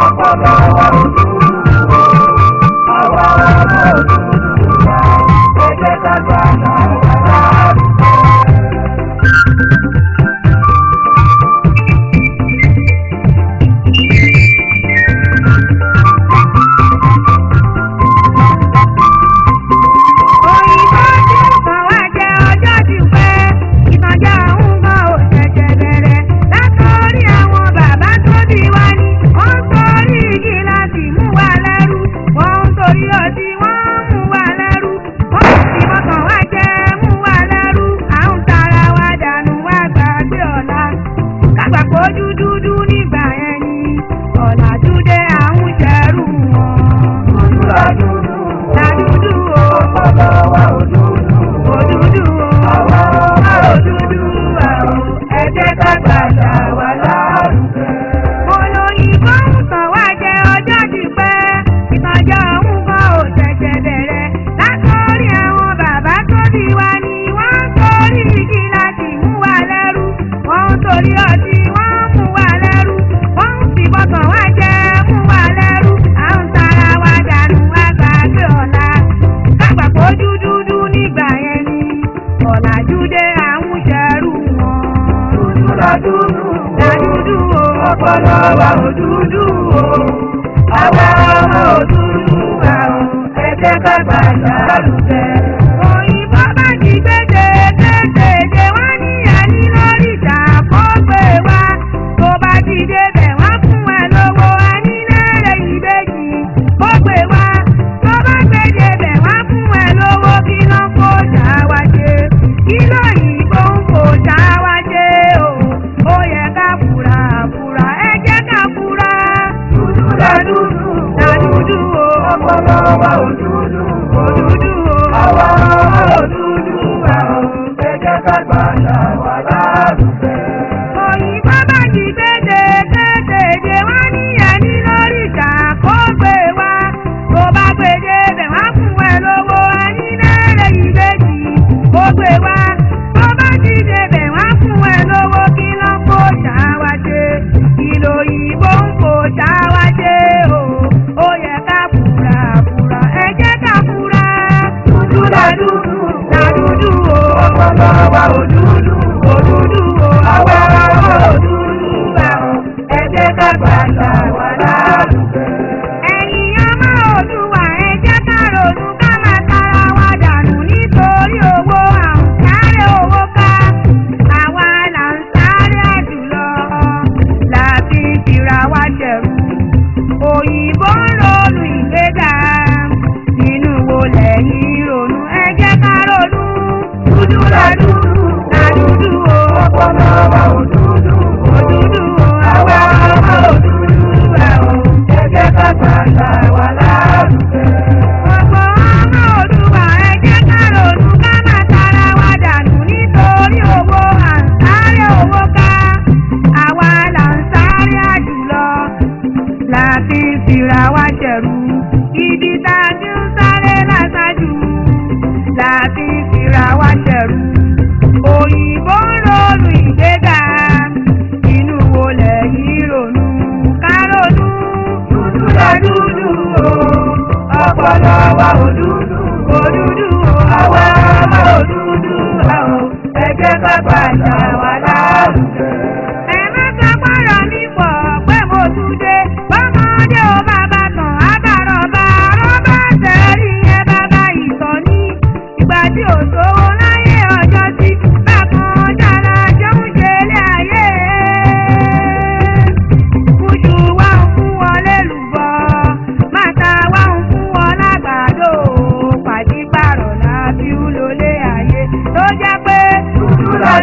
Thank you. dúdú na dúdú o ọpọlọ wa ò dúdú o àwa ọmọ ò dúdú wa o ẹ jẹ́ ká gbàgbà lùfẹ́. òyìnbó bá ti gbé. dúdú ta dúdú o ọpọlọ wa ò dúdú kò dúdú o àwa wa ò dúdú wa ò gbẹjẹ kágbà là wà lálùfẹ́. òyìnbó bá ti gbèdè gbèdè èdè wọn níyà wa tó bá gbèdè bẹ̀ wá fún ẹ lówó a wa. òyìnbó ń ronú ìgbéga inú wo lẹ́yìn ronú ẹ jẹ́ ká ronú dúdú o ọpọlọ wa ò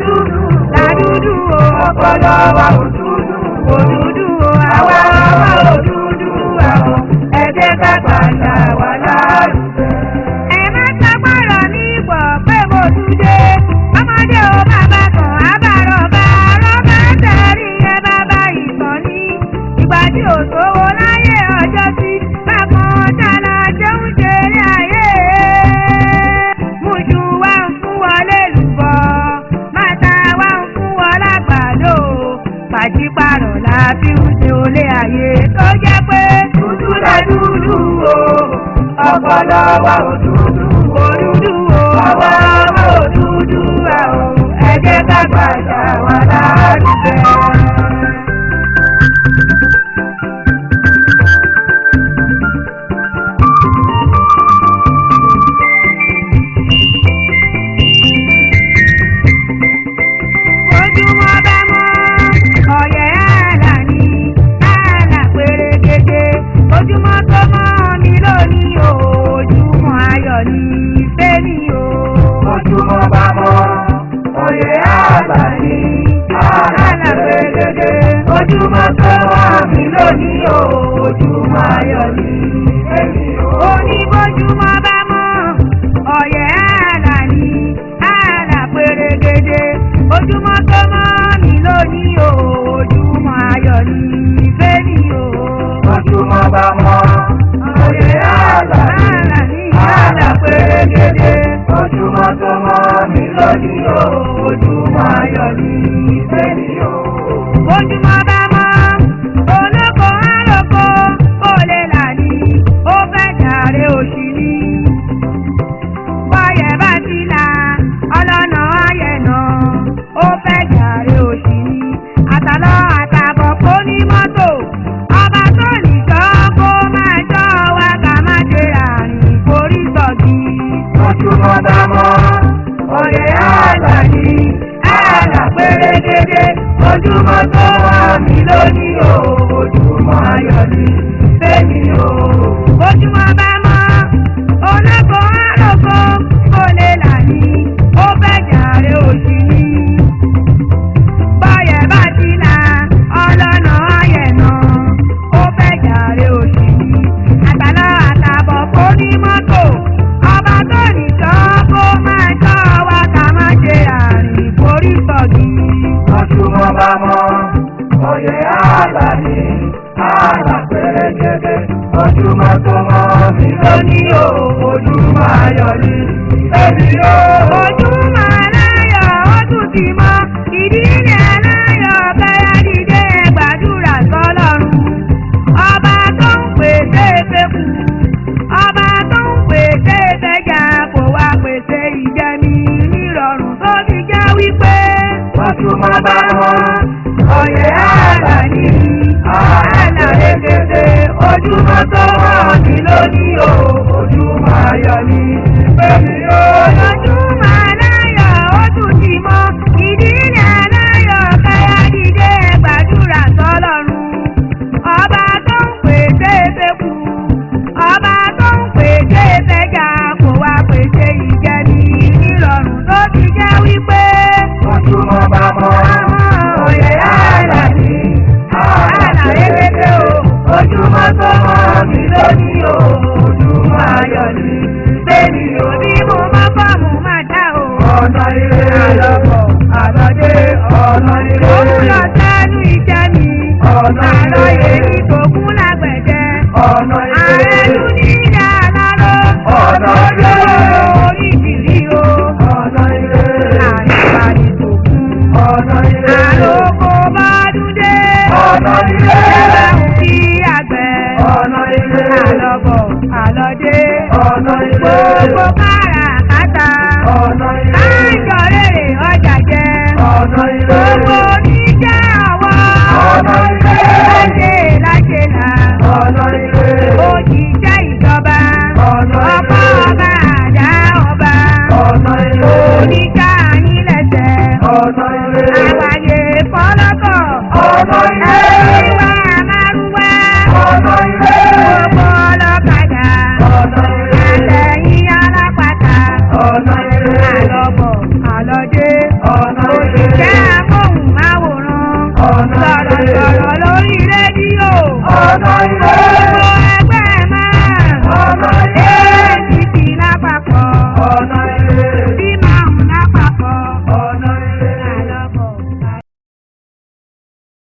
dúdú ta dúdú o ọpọlọ wa ò dúdú kò dúdú. lọ́wọ́ òdúdú òdúdú ọwọ́ òdúdú ẹ̀jẹ̀ ká gbàjà wọn láàrúfẹ́. ojúmọ́ tó wá mi lónìí o ojúmọ́ ni èmi o. oníbójúmọ́ bá mọ́ ọ̀yẹ́ àlà ni àlà pérégede ojúmọ́ tó mọ́ mi lónìí o ojúmọ́ ayọ̀ ni èmi o. ojúmọ́ bá mọ́ ọ̀yẹ́ àlà ni àlà pérégede ojúmọ́ tó o ojúmọ́ ayọ̀ Zulmatá, ojú máa tó mọ́ mi lónìí o ojú máa yọ ní ẹbí o. ojú máa láyọ̀ ó tún ti mọ́ ìdí ni aláyọ̀ káyà dìde gbàdúrà sọlọ́run ọba tó ń pèsè ìfẹ́kù ọba tó ń pèsè ìfẹ́jà kò wá pèsè ìjẹmi nírọ̀rùn tó fi já wípé. wọ́n tún máa bá. ojúmọ́ tó hàn ní lónìí o ojú máa yọ ní.